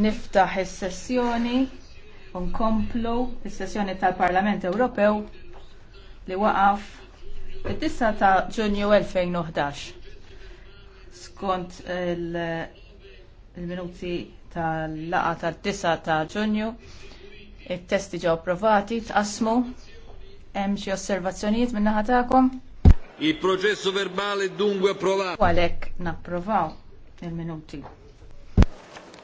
niftaħ is-sessjoni nkomplu is-sessjoni tal-Parlament Ewropew li waqaf id-9 ta' Ġunju 2011. Skont il-minuti tal-laqa tal-9 ta' Ġunju, it-testi ġew approvati, tqasmu, hemm xi osservazzjonijiet minn naħa tagħkom? Il-proċessu verbali dunque approvato. Għalhekk napprovaw il-minuti.